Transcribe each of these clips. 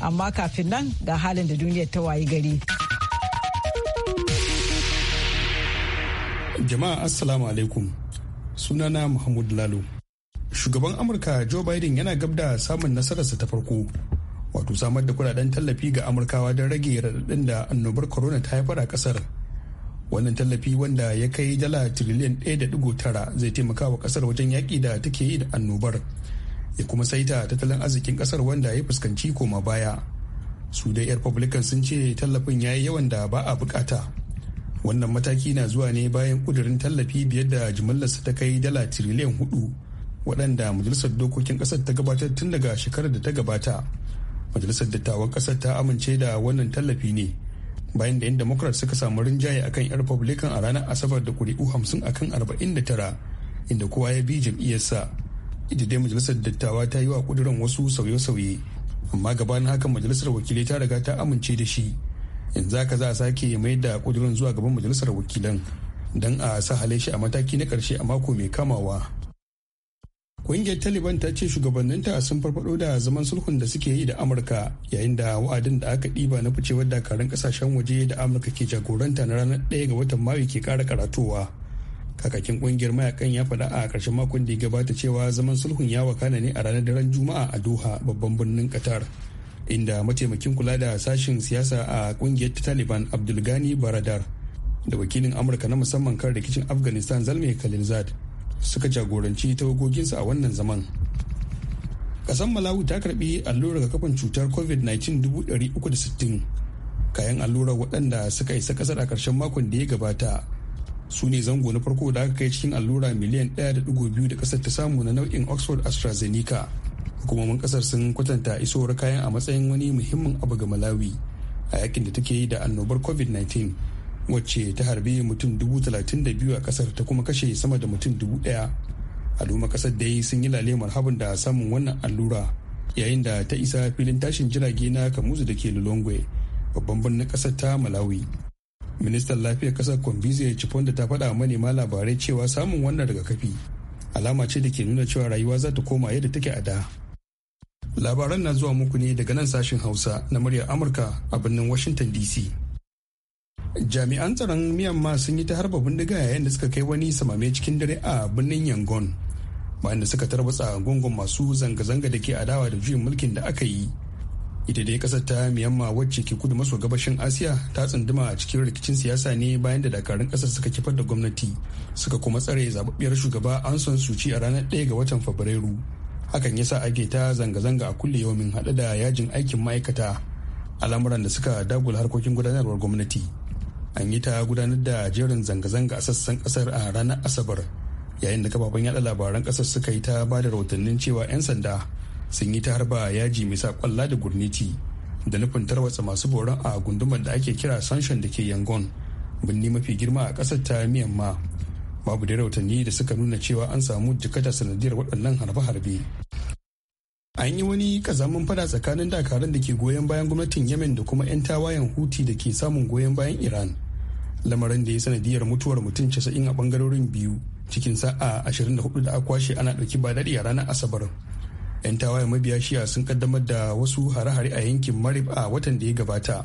amma kafin nan ga halin da duniyar ta wayi gari. Jama'a Assalamu alaikum sunana Muhammadu Lalo. Shugaban Amurka Joe Biden yana gab da samun nasararsa ta farko wato samar da kudaden tallafi ga Amurkawa don rage raɗaɗin da annobar corona ta haifar a ƙasar. Wannan tallafi wanda ya kai dala tiriliyan 1.9 zai taimaka wa ƙasar wajen yaƙi da take yi da annobar. ya kuma saita tattalin arzikin kasar wanda ya fuskanci koma baya su dai republican sun ce tallafin ya yi yawan da ba a bukata wannan mataki na zuwa ne bayan kudurin tallafi biyar da jimillarsa ta kai dala tiriliyan hudu waɗanda majalisar dokokin ƙasar ta gabatar tun daga shekarar da ta gabata majalisar dattawan kasar ta amince da wannan tallafi ne bayan da 'yan democrat suka samu rinjaye akan 'yar republican a ranar asabar da kuri'u hamsin akan arba'in da tara inda kowa ya bi jam'iyyarsa ita dai majalisar dattawa ta yi wa kuduran wasu sauye-sauye amma gaban hakan majalisar wakilai ta riga ta amince da shi yanzu haka za a sake mai da kuduran zuwa gaban majalisar wakilan don a sahale shi a mataki na karshe a mako mai kamawa Ƙungiyar Taliban ta ce shugabanninta sun farfado da zaman sulhun da suke yi da Amurka yayin da wa'adin da aka ɗiba na ficewar dakarun ƙasashen waje da Amurka ke jagoranta na ranar ɗaya ga watan Mayu ke ƙara karatowa. kakakin kungiyar mayakan ya faɗa a ƙarshen makon da ya gabata cewa zaman sulhun ya wakana ne a ranar daren juma'a a doha babban birnin qatar inda mataimakin kula da sashen siyasa a kungiyar taliban abdulgani baradar da wakilin amurka na musamman kan rikicin afghanistan zalmai khalilzad suka jagoranci tawagoginsu a wannan zaman kasan malawi ta karbi allurar kafan cutar covid-19 360 kayan allurar waɗanda suka isa ƙasar a ƙarshen makon da ya gabata su ne zango na farko da aka kai cikin allura miliyan 1.2 da kasar ta samu na nau'in oxford astrazeneca hukumomin kasar sun kwatanta isowar kayan a matsayin wani muhimmin abu ga malawi a yakin da take yi da annobar covid-19 wacce ta harbe mutum 32 a kasar ta kuma kashe sama da mutum 1000 al'umma kasar yi sun yi lalemar habin da samun wannan allura yayin da ta isa filin tashin jirage na kamuzu da ke lulongwe babban birnin kasar ta malawi ministan lafiyar kasar kwambize da ta faɗa manema labarai cewa samun wannan rigakafi alama ce da ke nuna cewa rayuwa za ta koma yadda take a da labaran na zuwa muku ne daga nan sashen hausa na muryar amurka a birnin washington dc jami'an tsaron myanmar sun yi ta harba bindiga yayin da suka kai wani samame cikin dare a birnin yangon bayan da suka tarbatsa gungun masu zanga-zanga da ke adawa da juyin mulkin da aka yi ita dai kasar ta miyamma wacce ke kudu maso gabashin asiya ta tsunduma a cikin rikicin siyasa ne bayan da dakarun kasar suka kifar da gwamnati suka kuma tsare zababbiyar shugaba an son suci a ranar 1 ga watan fabrairu hakan yasa ake ta zanga-zanga a kulle yawamin hada da yajin aikin ma'aikata al'amuran da suka dagula harkokin gudanarwar gwamnati an yi ta gudanar da jerin zanga-zanga a sassan kasar a ranar asabar yayin da kafafen yada labaran kasar suka yi ta ba da rahotannin cewa 'yan sanda sun yi ta harba yaji mai sa kwalla da gurniti da nufin tarwatsa masu boron a gundumar da ake kira sanshan da ke yangon birni mafi girma a kasar ta miyamma babu da watanni da suka nuna cewa an samu jikata sanadiyar waɗannan harbe-harbe an yi wani kazamin fada tsakanin dakarun da ke goyon bayan gwamnatin yemen da kuma 'yan tawayen huti da ke samun goyon bayan iran lamarin da ya sanadiyar mutuwar mutum casa'in a bangarorin biyu cikin sa'a 24 da kwashe ana dauki ba daɗi a ranar asabar 'yan tawaye mabiya shiya sun kaddamar da wasu hare-hare a yankin marib a watan da ya gabata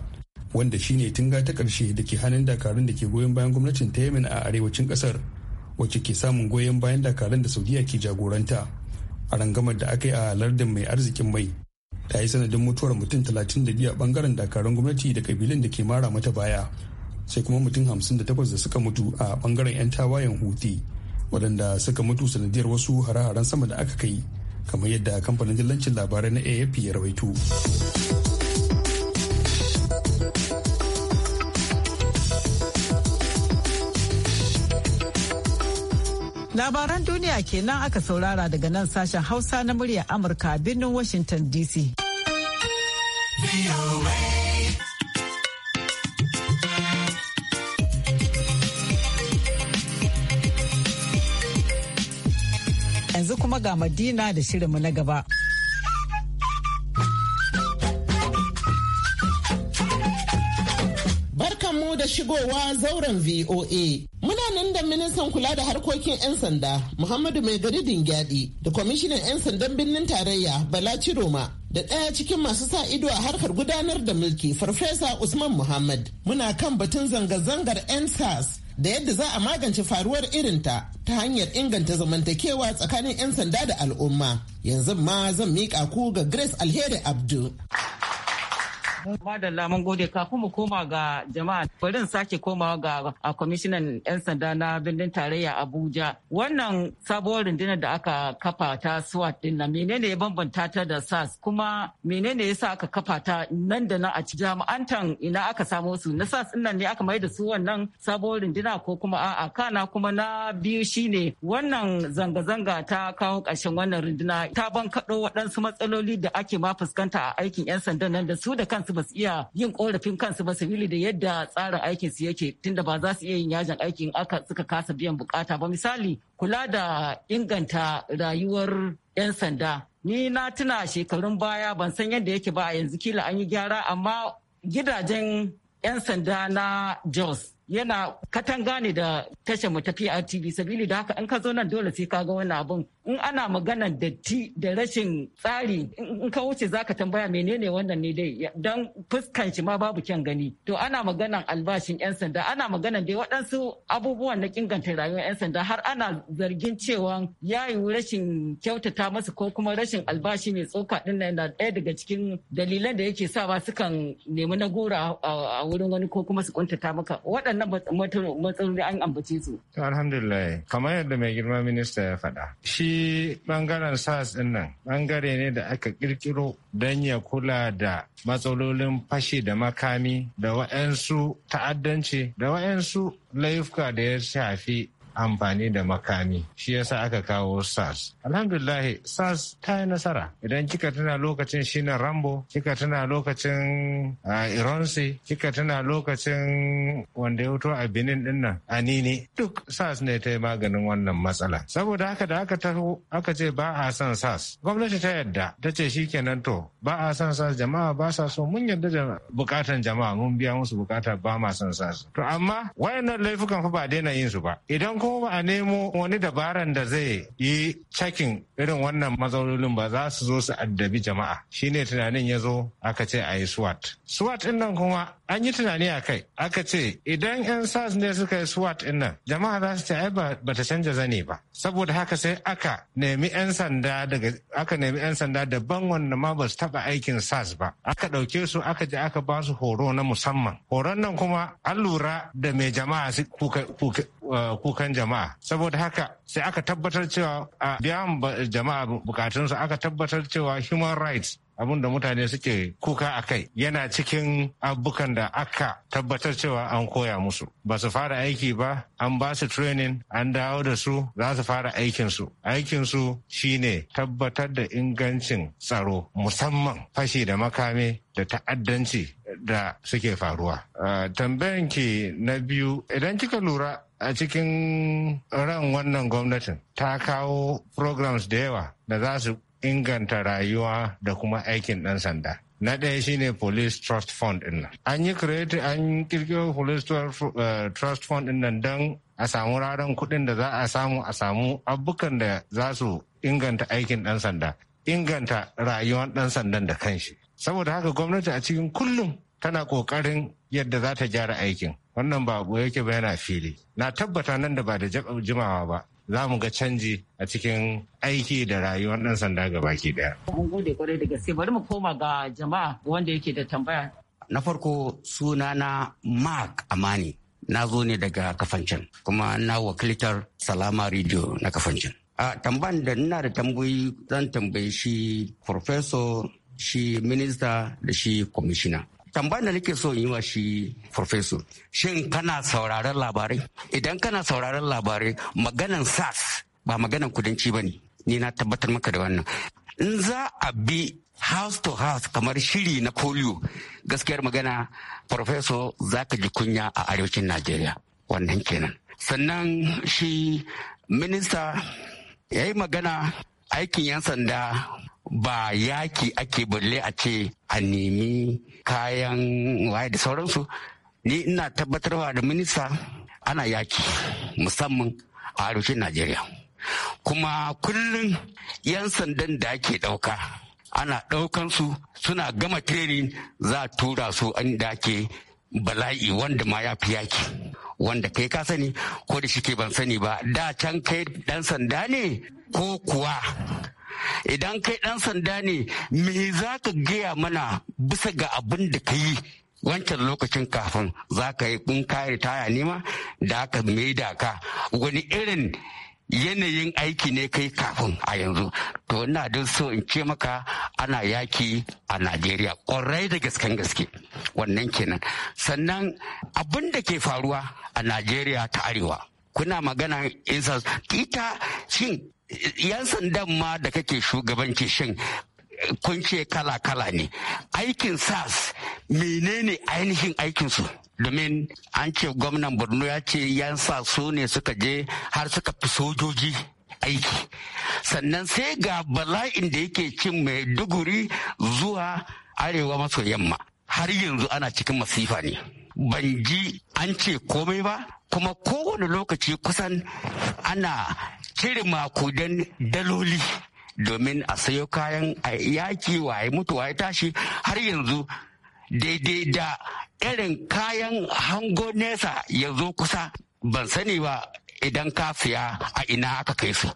wanda shine tunga ta karshe da ke hannun dakarun da ke goyon bayan gwamnatin ta yemen a arewacin kasar wacce ke samun goyon bayan dakarun da saudiya ke jagoranta a rangamar da aka yi a lardin mai arzikin mai ta yi sanadin mutuwar mutum 32 a bangaren dakarun gwamnati da kabilun da ke mara mata baya sai kuma mutum 58 da suka mutu a bangaren 'yan tawayen huti waɗanda suka mutu sanadiyar wasu hare-haren sama da aka kai kamar yadda kamfanin dillancin labarai na AFP ya rawaito. Labaran duniya kenan aka saurara daga nan sashen Hausa na murya Amurka birnin Washington DC. yanzu kuma ga Madina da shirinmu na gaba. Barkanmu da shigowa zauren VOA. Muna nan da ministan kula da harkokin 'yan sanda Muhammadu Mai gari Dingyadi da kwamishinan 'yan sandan birnin tarayya Bala Ciroma da ɗaya cikin masu sa ido a harkar gudanar da mulki farfesa usman muhammad muna kan batun zanga-zangar nsas da yadda za a magance faruwar irinta ta hanyar inganta zamantakewa tsakanin 'yan sanda da al'umma yanzu ma zan miƙa ku ga grace alheri Abdul. da mun gode kafin mu koma ga jama'a bari in sake komawa ga a kwamishinan 'yan sanda na birnin tarayya Abuja. Wannan sabuwar rundunar da aka kafa ta SWAT din na menene ya bambanta ta da SAS kuma menene yasa aka kafa ta nan da nan a jami'antan ina aka samo su na SAS din nan ne aka mai da su wannan sabuwar runduna ko kuma a'a kana kuma na biyu shine wannan zanga-zanga ta kawo ƙarshen wannan runduna ta bankaɗo waɗansu matsaloli da ake ma fuskanta a aikin 'yan sandan nan da su da kansu su ba su iya yin korafin kansu ba sabili da yadda tsarin aikin su yake tunda ba za su iya yin yajin aikin aka suka kasa biyan bukata ba misali kula da inganta rayuwar 'yan sanda ni na tuna shekarun baya ban san yadda yake ba a yanzu kila an yi gyara amma gidajen 'yan sanda na jos yana katanga ne da tashar mu ta PRTV sabili da haka in ka zo nan dole sai ka ga wannan abun in ana magana datti da rashin tsari in ka wuce zaka tambaya menene wannan ne dai dan fuskan shi ma babu kyan gani to ana maganan albashin yan sanda ana maganan dai waɗansu abubuwan na kinganta rayuwar yan sanda har ana zargin cewa yayi rashin kyautata masa, ko kuma rashin albashi mai tsoka din nan na ɗaya daga cikin dalilan da yake sa ba sukan nemi na gora a wurin wani ko kuma su kuntata maka waɗannan waɗannan matsaloli an ambace su. Alhamdulillah, kamar yadda mai girma minista ya faɗa. Shi ɓangaren SARS ɗin nan ɓangare ne da aka ƙirƙiro don ya kula da matsalolin fashi da makami da waɗansu ta'addanci da waɗansu laifuka da ya shafi amfani da makami shi yasa aka kawo sars alhamdulillah sars ta yi nasara idan kika tuna lokacin shine rambo kika tana lokacin ironsi kika tuna lokacin wanda ya a benin din nan nini duk sars ne ta yi maganin wannan matsala saboda haka da aka taho aka ce ba a son sars gwamnati ta yadda ta ce shi kenan to ba a son sars jama'a ba sa so mun yadda da bukatan jama'a mun biya musu bukata ba ma son sars to amma wayannan laifukan fa ba daina yin su ba idan kuma ba a nemo wani dabaran da zai yi cakin irin wannan matsalolin ba za su zo su addabi jama'a shine tunanin ya zo aka ce a yi swat swat din nan kuma an yi tunani a kai aka ce idan 'yan sas ne suka yi swat in nan jama'a za su ce ai ba ta canja zane ba saboda haka sai aka nemi 'yan sanda daga aka nemi 'yan sanda daban wanda ma ba su taba aikin sas ba aka ɗauke su aka je aka ba su horo na musamman horon nan kuma an lura da mai jama'a su eh, kukan jama'a saboda haka sai aka tabbatar cewa a biyan jama'a bukatunsu aka tabbatar cewa human rights abin da mutane suke kuka a kai yana cikin abubuwan da aka tabbatar cewa an koya musu ba su fara aiki ba an ba su training an dawo da su za su fara aikinsu aikinsu shine tabbatar da ingancin tsaro musamman fashi da makame da ta'addanci da suke faruwa tambayan ki na biyu idan kika lura a cikin ran wannan gwamnatin ta kawo programs da yawa da za su inganta rayuwa da kuma aikin ɗan sanda. Na ɗaya shine Police Trust Fund ɗin nan. An yi create an kirkiro Police eh, Trust Fund ɗin nan don a samu raran kuɗin da za a samu a samu abubukan da za su inganta aikin ɗan sanda, inganta rayuwar ɗan sandan da kanshi. Saboda haka gwamnati a cikin kullum tana ƙoƙarin yadda za ta gyara aikin. Wannan ba yake ba yana fili. Na tabbata nan da ba da jimawa ba za mu ga canji a cikin aiki da rayuwar ɗan sanda baki ɗaya. Mun gode kwarai da gaske bari mu koma ga jama'a wanda yake da tambaya. Na farko sunana Mark Amani na zo ne daga kafancin kuma na wakiltar Salama Radio na kafancin. A tamban da nuna da tambayi zan tambayi shi Professor shi minista da shi kwamishina. tambayar da nake so yi wa shi professor shin kana sauraron labarai idan kana sauraron labarai maganan sas ba maganan kudanci ba ne ni na tabbatar maka da wannan in za a bi house to house kamar shiri na polio gaskiyar magana professor za ka ji kunya a arewacin najeriya wannan kenan sannan shi minista ya yi magana aikin 'yan sanda ba yaki ake balle a ce a nemi kayan waye da sauransu ni ina tabbatarwa da minista ana yaki musamman a arewacin najeriya kuma kullum 'yan sandan da ake ɗauka ana su suna gama training za a tura su inda ake bala'i wanda ma ya fi yaki wanda kai ka sani ko da shi ke ban sani ba da can kai ɗan sanda ne ko kuwa idan kai ɗan sanda ne me za ka gaya mana bisa ga abin da ka yi wancan lokacin kafin za ka yi kun kare taya nema da aka maida ka wani irin yanayin aiki ne kai kafin a yanzu to ina don so in ce maka ana yaki a najeriya kwarai da gasken gaske wannan kenan sannan abin da ke faruwa a najeriya ta arewa kuna magana insa. ita shin yan sandan ma da kake shugabanci shin kun ce kala-kala ne aikin sas menene ainihin aikinsu domin an ce gwamnan borno ya ce yan sa su ne suka je har suka fi sojoji aiki sannan sai ga bala'in da yake cin mai duguri zuwa arewa maso yamma har yanzu ana cikin masifa ne ban ji an ce komai ba kuma kowane lokaci kusan ana cire makudan daloli domin a sayo kayan a yaki waye mutu waye tashi har yanzu daidai da irin kayan hango nesa ya zo kusa ban sani ba idan ka siya a ina aka kai su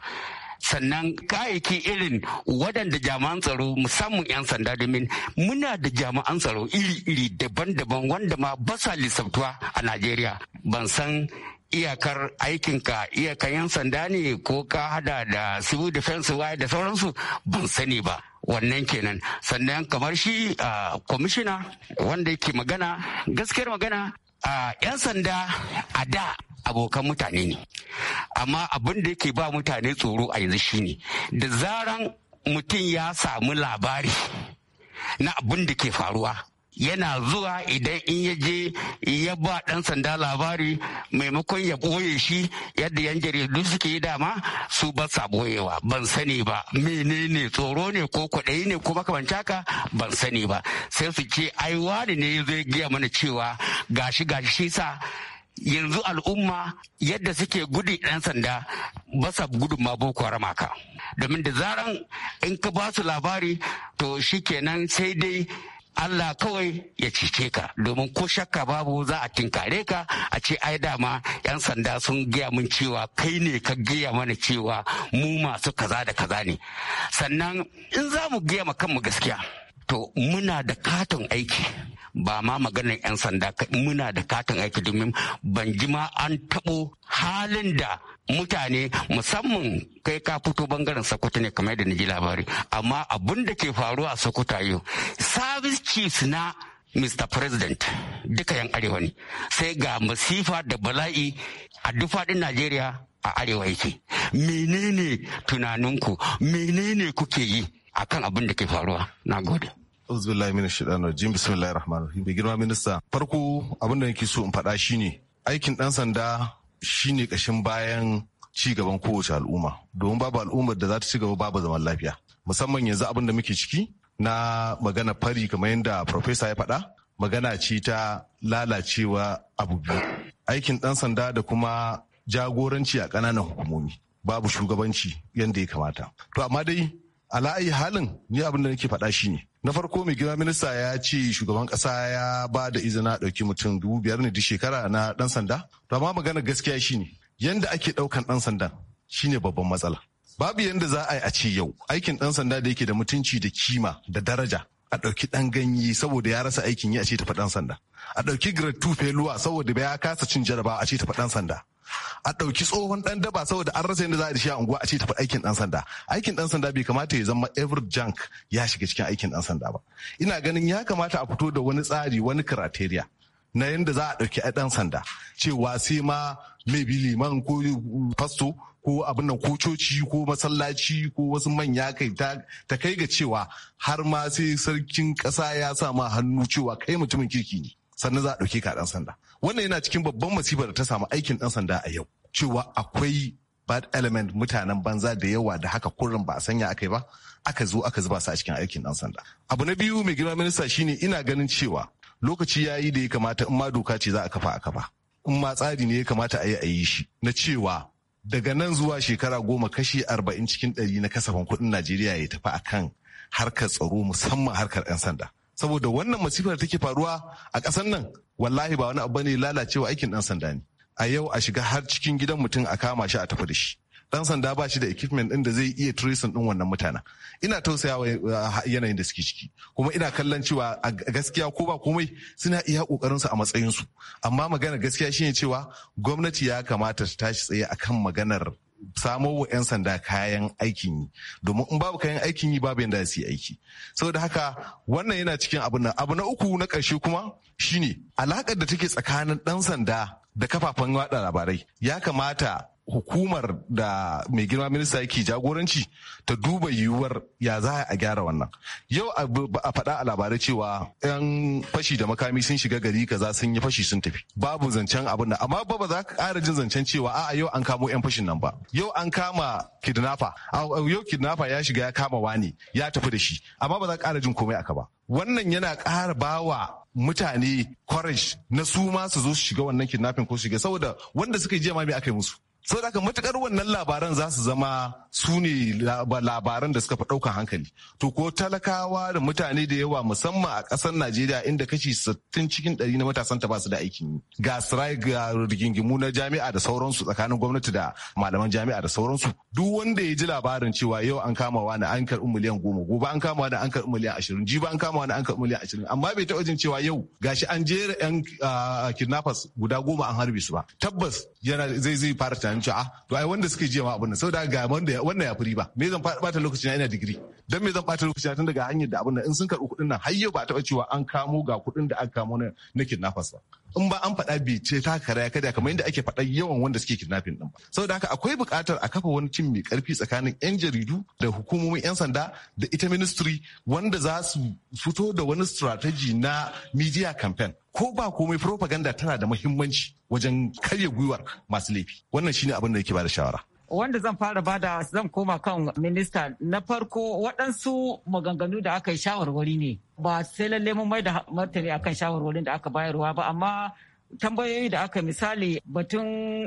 sannan kayayyaki irin waɗanda jami'an tsaro musamman 'yan sanda domin muna da jami'an tsaro iri-iri daban-daban wanda ma ba sa lissabtuwa a najeriya ban san iyakar aikinka iyakar 'yan sanda ne ko ka hada da civil defense waye da sauransu ban sani ba wannan kenan sannan kamar shi kwamishina wanda yake magana gaskiyar magana 'yan sanda a da abokan mutane ne amma abin da yake ba mutane tsoro a yanzu shine da zaran mutum ya samu labari na abin da ke faruwa yana zuwa idan in ya je ya ba ɗan sanda labari maimakon ya ɓoye shi yadda yan jaridu suke yi dama su ba sa ɓoyewa ban sani ba menene tsoro ne ko kwaɗayi ne ko makamanta ka ban sani ba sai su ce ai wani ne zai gaya mana cewa gashi gashi shi sa yanzu al'umma yadda suke gudu ɗan sanda ba sa gudun ma boko haram domin da zaran in ka ba su labari to shikenan sai dai Allah kawai ya cice ka domin ko shakka babu za a tinkare ka a ce ai dama yan sanda sun gaya min cewa kai ne ka gaya mana cewa mu masu kaza da kaza ne sannan in za mu gaya ma kanmu gaskiya to muna da katon aiki ba ma maganar 'yan sanda muna da katin aiki domin ban ji ma an taɓo halin da mutane musamman kai ka fito bangaren sokoto ne kamar da na ji labari amma abin da ke faruwa a sokoto yau service chiefs na Mr. President duka yan arewa ne sai ga masifa da bala'i a duk Najeriya a arewa yake. Menene tunaninku, menene kuke yi akan abin da ke faruwa? Na gode. Uzbillahi min shaitan rajim bismillahir rahmanir rahim. Bai girma minista. Farko abin da nake so in faɗa shine aikin ɗan sanda shine ƙashin bayan ci gaban kowace al'umma. Domin babu al'ummar da za ta ci gaba babu zaman lafiya. Musamman yanzu abin da muke ciki na magana fari kamar yadda Profesa ya faɗa magana ce ta lalacewa abu biyu. Aikin ɗan sanda da kuma jagoranci a ƙananan hukumomi. Babu shugabanci yadda ya kamata. To amma dai ala'ayi halin ni abin da nake faɗa shine na farko mai gida minista ya ce shugaban kasa ya ba da izina dauki mutum dubu biyar ne duk shekara na ɗan sanda to amma magana gaskiya shine yanda ake ɗaukan ɗan sandan shine babban matsala babu yadda za a yi a ce yau aikin ɗan sanda da yake da mutunci da kima da daraja a ɗauki ɗan ganye saboda ya rasa aikin yi a ce tafi ɗan sanda a ɗauki grade two feluwa saboda ya kasa cin jaraba a ce tafi ɗan sanda a ɗauki tsohon ɗan daba saboda an rasa yadda za a da shi a unguwa a ce tafi aikin ɗan sanda aikin ɗan sanda bai kamata ya zama ever junk ya shiga cikin aikin ɗan sanda ba ina ganin ya kamata a fito da wani tsari wani karateriya na yadda za a ɗauki a ɗan sanda cewa sai ma maybe liman ko fasto ko abin nan ko coci ko masallaci ko wasu manya kai ta kai ga cewa har ma sai sarkin ƙasa ya sa ma hannu cewa kai mutumin kirki ne sannan za a ɗauke ka ɗan sanda wannan yana cikin babban masifa da ta samu aikin ɗan sanda a yau cewa akwai bad element mutanen banza da yawa da haka kurin ba a sanya aka yi ba aka zo aka zuba su a cikin aikin ɗan sanda abu na biyu mai girma minista shine ina ganin cewa lokaci ya yi da ya kamata in ma doka ce za a kafa a kafa in ma tsari ne ya kamata a yi a yi shi na cewa daga nan zuwa shekara goma kashi arba'in cikin ɗari na kasafin kuɗin najeriya ya tafi akan harkar tsaro musamman harkar 'yan sanda saboda wannan masifar da take faruwa a ƙasar nan wallahi ba wani abu ne lalacewa aikin ɗan sanda ne a yau a shiga har cikin gidan mutum a kama shi a tafi da shi Ɗan sanda ba shi da equipment ɗin da zai iya tracing ɗin wannan mutanen ina tausayawa ah, yanayin da suke ciki kuma ina kallon cewa a gaskiya ko ba komai suna iya kokarin su a matsayin su amma maganar gaskiya shine cewa gwamnati ya kamata ta tashi tsaye akan maganar samo wa 'yan sanda kayan aikin yi domin in babu kayan aikin yi babu yadda su yi aiki saboda haka wannan yana cikin abu na abu na uku na ƙarshe kuma shine alakar da take tsakanin ɗan sanda da kafafen watsa labarai ya kamata hukumar da mai girma minista yake jagoranci ta duba yiwuwar ya za a gyara wannan yau a faɗa a labarai cewa 'yan fashi da makami sun shiga gari kaza sun yi fashi sun tafi babu zancen abin nan amma ba za ka ƙara jin zancen cewa a'a yau an kamo 'yan fashin nan ba yau an kama kidnapper yau kidnapper ya shiga ya kama wani ya tafi da shi amma ba za ka ƙara jin komai aka ba wannan yana ƙara bawa mutane courage na su ma su zo su shiga wannan kidnapping ko shiga saboda wanda suka yi jiya ma me aka yi musu sau da matukar wannan labaran za su zama su ne labaran da suka fi ɗaukan hankali to ko talakawa da mutane da yawa musamman a ƙasar najeriya inda kashi 60 cikin 100 na matasan ta ba su da aikin yi ga sirai ga rigingimu na jami'a da sauransu tsakanin gwamnati da malaman jami'a da sauransu duk wanda ya ji labarin cewa yau an kama na an karɓi miliyan goma gobe an kama na an karɓi miliyan ashirin jibi an kama na an karɓi miliyan ashirin amma bai taɓa jin cewa yau gashi an jera yan ah, kidnappers guda goma an harbe su ba tabbas yana zai zai fara tunani an ci a ah, to ai wanda suke jiya ma abin nan saboda ga wanda wannan ya furi ba me zan bata lokaci na ina digiri dan me zan bata lokaci tun daga hanyar da abin nan in sun karɓi kuɗin nan har yau ba taɓa cewa an kamo ga kuɗin da aka kamo na kidnappers ba in ba an faɗa bi ce ta ya kada kamar yadda ake faɗa yawan wanda suke kidnapping din ba saboda haka akwai buƙatar a kafa wani cin mai karfi tsakanin 'yan jaridu da hukumomin 'yan sanda da ita ministry wanda za su fito da wani strategy na media campaign ko ba komai propaganda tana da muhimmanci wajen karya gwiwar masu laifi wannan shine abin da yake ba shawara wanda zan fara bada zan koma kan minista na farko waɗansu maganganu da aka yi shawarwari ne ba sai lalle mun mai da martani akan shawarwarin da aka bayarwa ba amma tambayoyi da aka misali batun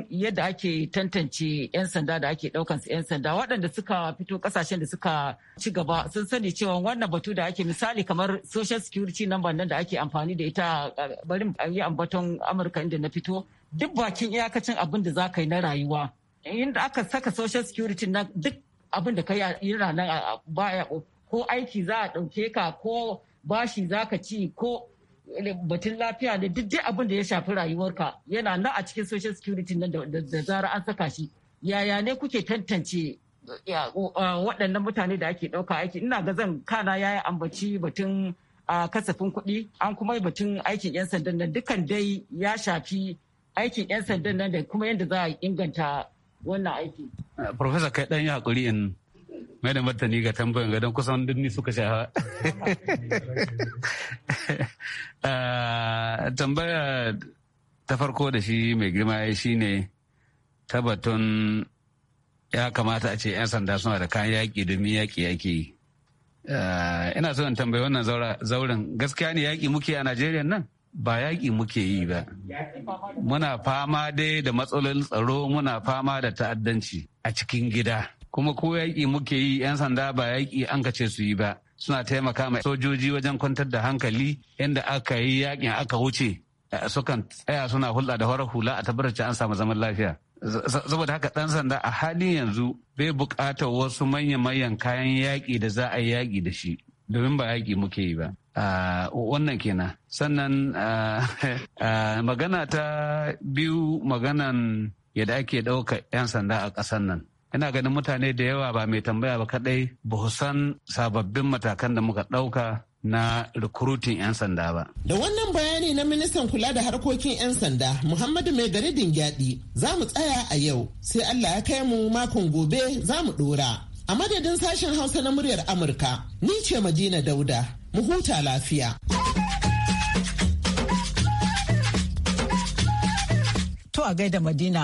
yadda ake tantance 'yan sanda da ake daukan su 'yan sanda waɗanda suka fito kasashen da suka ci gaba sun sani cewa wannan batu da ake misali kamar social security number nan da ake amfani da ita bari yi ambaton amurka inda na fito duk bakin iyakacin abin da za ka yi na rayuwa inda aka saka social security nan duk abin da ka yi ranar baya ko aiki za a ɗauke ka ko bashi za ka ci ko batun lafiya ne duk dai abin da ya shafi rayuwarka yana nan a cikin social security nan da zara an saka shi yaya ne kuke tantance uh, waɗannan mutane da ake ɗauka aiki ina ga zan kana ya ambaci batun uh, kasafin kuɗi an kuma batun aikin 'yan sandan nan dukkan dai ya shafi aikin 'yan sandan nan da kuma yadda za a inganta wannan aiki. Profesa kai ɗan yi haƙuri in mai da martani ga tambayan don kusan ni suka sha ah, tambaya ta farko da shi mai girma ya shi ne tabbatun ya kamata a ce 'yan sanda suna da kayan yaƙi domin yaƙi yaƙi ah, ina so in tambayi wannan zauren gaskiya ne yaƙi muke a najeriya nan ba yaƙi muke yi ba. Muna fama dai da matsalolin tsaro muna fama da ta'addanci a cikin gida. kuma ko yaƙi muke yi 'yan sanda ba yaƙi an ce su yi ba suna taimaka mai. sojoji wajen kwantar da hankali inda aka yi yaƙin aka wuce sukan tsaya suna hulɗa da horar hula a tabbatar an samu zaman lafiya saboda haka ɗan sanda a halin yanzu bai buƙatar wasu manya-manyan kayan yaƙi da za a yi yaƙi da shi domin ba yaƙi muke yi ba wannan kenan sannan magana ta biyu maganan yadda ake ɗauka 'yan sanda a ƙasar nan ina ganin mutane da yawa ba mai tambaya ba kadai ba san sababbin matakan da muka ɗauka na rikurutin 'yan sanda ba. Da wannan bayani na ministan kula da harkokin 'yan sanda Muhammadu Mai Garidin Gyaɗi za mu tsaya a yau sai Allah ya kai mu makon gobe za mu ɗora. A madadin sashen Hausa na muryar Amurka, ni ce Madina Dauda, mu huta lafiya. To a gaida Madina,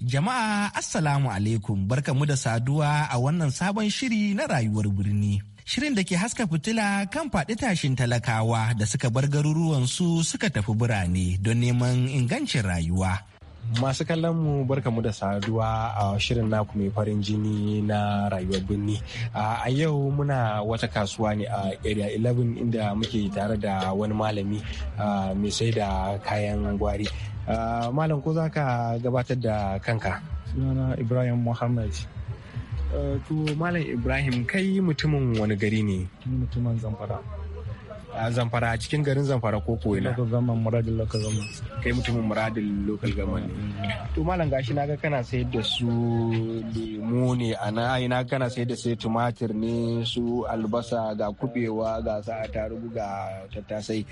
Jama'a Assalamu alaikum mu da saduwa a wannan sabon shiri na rayuwar birni. Shirin da ke haska fitila kan faɗi tashin talakawa da suka bar garuruwansu suka tafi birane don neman ingancin rayuwa. Masu kallon mu mu da saduwa a shirin naku mai farin jini na rayuwar birni. A yau muna wata kasuwa ne a area 11 inda muke tare da wani malami mai sai da kayan gwari. Ah, malam ko za ka gabatar da kanka sunana ibrahim muhammad ah, to malam ibrahim kai mutumin wani gari ne mutumin zamfara ah, a zamfara cikin garin zamfara ko ko ina zaman muradin local government kai mutumin muradin local government mm. to malam gashi naga kana sayar da su lemu ne ana ai na kana sayar da sai tumatir ne su albasa ga kubewa ga sa tarugu ga tattasai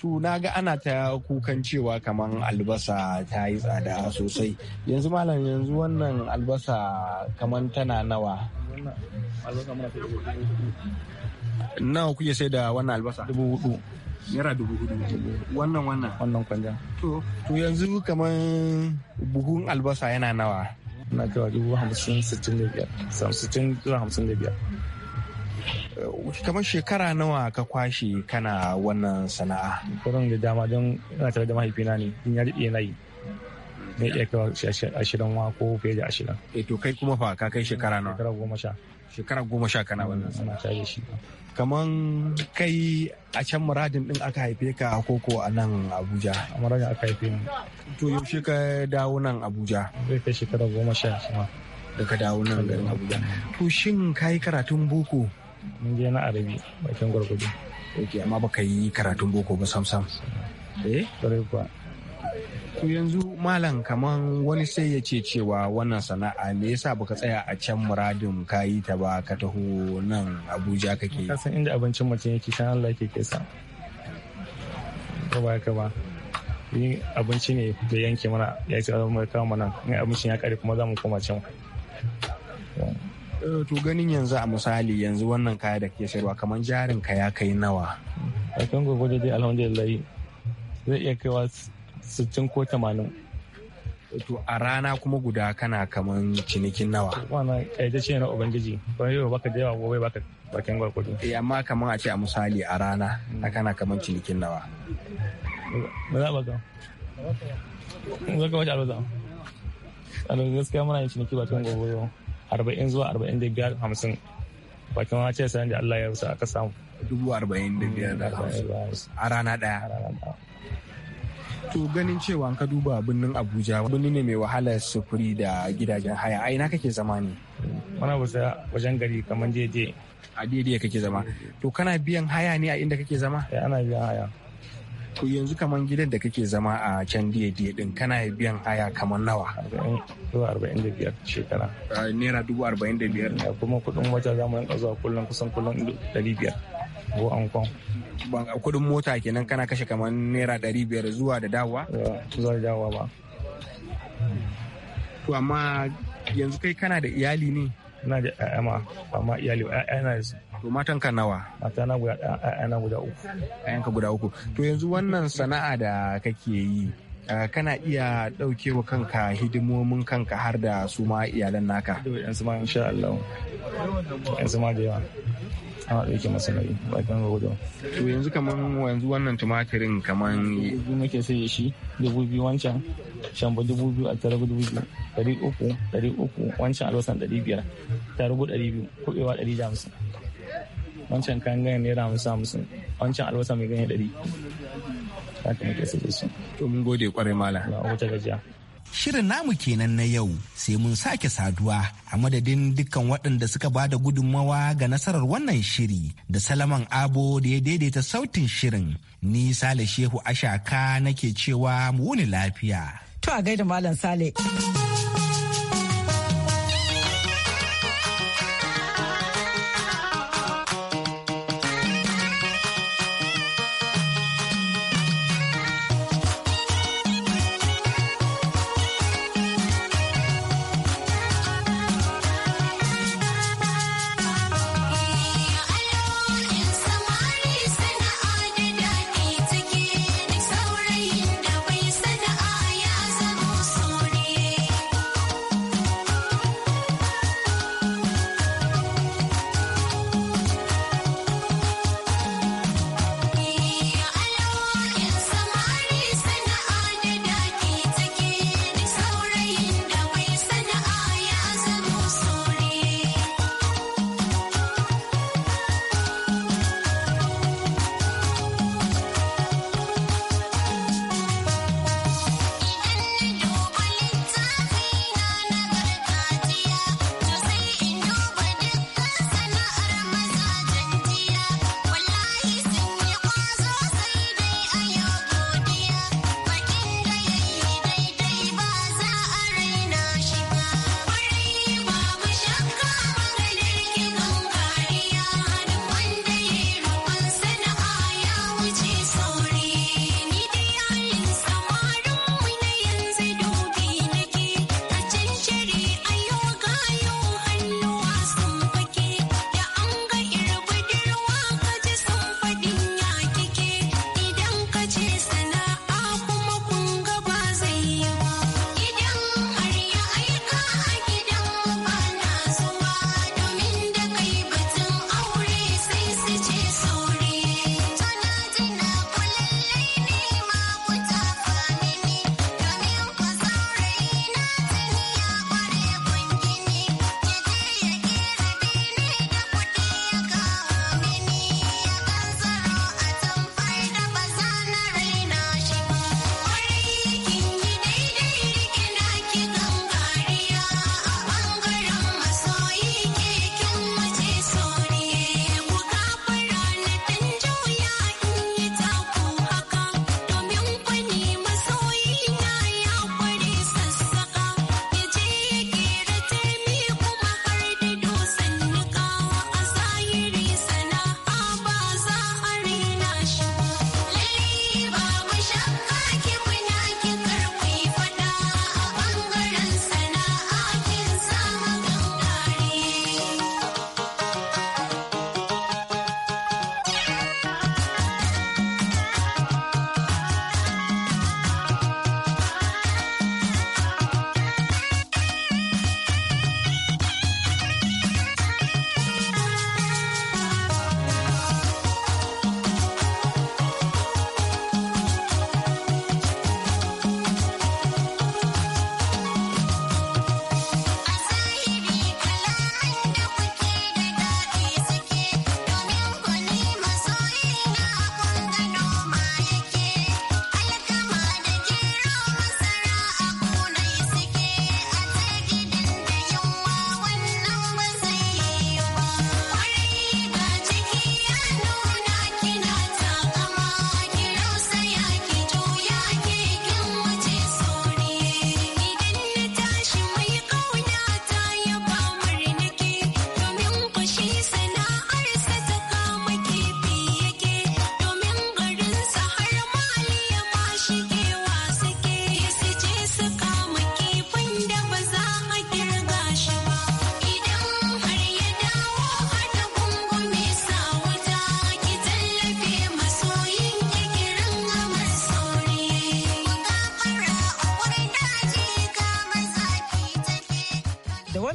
to na ga ana ta kukan cewa kamar albasa ta yi tsada sosai yanzu malam yanzu wannan albasa kamar tana nawa nawa kuke sai da wannan albasa dubu hudu naira dubu hudu wannan wannan wannan kwanja to yanzu kamar buhun albasa yana nawa na cewa dubu hamsin sittin da biyar Eh, kamar shekara nawa ka kwashe kana wannan sana'a kurin da dama don ina tare da mahaifina ne in ya daɗe na yi Ne iya kawo ashirin wa ko fiye da ashirin e to kai kuma fa ka kai shekara nawa shekara goma sha shekara goma sha kana wannan sana'a da shi kaman kai a can muradin din aka haife ka a koko a nan abuja a muradin aka haife ni to yaushe ka dawo nan abuja zai kai shekara goma sha da ka dawo nan garin abuja to shin ka yi karatun boko mun je na arabi bakin gwargwado ok amma baka yi karatun boko ba sam sam eh kuwa to yanzu malam kaman wani sai ya ce cewa wannan sana'a me yasa baka tsaya a can muradin ka yi ta ba ka taho nan abuja kake ka san inda abincin mutum yake san allah yake kesa ka ba ka ba yin abinci ne da yanke mana ya ce zama kawo mana in abincin ya kare kuma za mu koma can Eh, to ganin yanzu a misali yanzu wannan kaya da ke sayarwa kamar jarin ka ya kai nawa a kan gwagwaje dai alhamdulillah zai iya kaiwa 60 ko 80 to a rana kuma guda kana kamar cinikin nawa wannan kaita ce na ubangiji wani yau baka da yawa gobe baka bakin gwargwado eh amma kamar a ce a misali a rana na kana kamar cinikin nawa ba za ba ga zaka wace alwaza alwaza gaskiya muna yin ciniki bakin gwargwado arba'in zuwa arba'in da biyar hamsin bakin wani ce sayan da Allah ya rusa aka samu. Dubu arba'in da biyar da hamsin a rana ɗaya. To ganin cewa an ka duba birnin Abuja birni ne mai wahalar sufuri da gidajen haya a ina kake zama ne? Muna wasa wajen gari kamar jeje. A daidai kake zama. To kana biyan haya ne a inda kake zama? Ya eh, ana biyan haya. to yanzu kaman gidan da kake zama a can diye-diye din kana biyan haya kaman nawa dubu arba'in da biyar shekara ah, naira dubu arba'in da biyar kuma kuɗin wata zamu rinka zuwa kullum kusan kullum ɗari biyar ko an kwan kuɗin mota kenan kana kashe kamar naira ɗari biyar zuwa da dawowa zuwa da dawowa ba to amma yanzu kai kana da iyali ne ina da ƴaƴa ma amma iyali ƴaƴa na da su To matan ka nawa? Mata na guda ɗaya, guda uku. Ayan ka guda uku. To yanzu wannan sana'a da kake yi, kana iya ɗaukewa kanka hidimomin kanka har da su ma iyalan naka. Yanzu ma insha Allah. Yanzu ma da yawa. ana ɗauke masa nauyi bakin rodo. To yanzu kaman yanzu wannan tumatirin kaman. Yanzu nake saye shi dubu biyu wancan shambo dubu biyu a tara dubu biyu ɗari uku ɗari uku wancan albasan ɗari biyar Tarugu ɗari biyu kuɗewa ɗari da hamsin. wancan kayan ganyen naira hamsin hamsin wancan albasa mai ganyen ɗari haka muke sai su to mun gode kwarai mala. na wata gajiya Shirin namu kenan na yau sai mun sake saduwa a madadin dukkan waɗanda suka ba da gudunmawa ga nasarar wannan shiri da Salaman Abo da ya daidaita sautin shirin. Ni Sale Shehu Ashaka nake cewa mu wuni lafiya. To a gaida Malam Sale.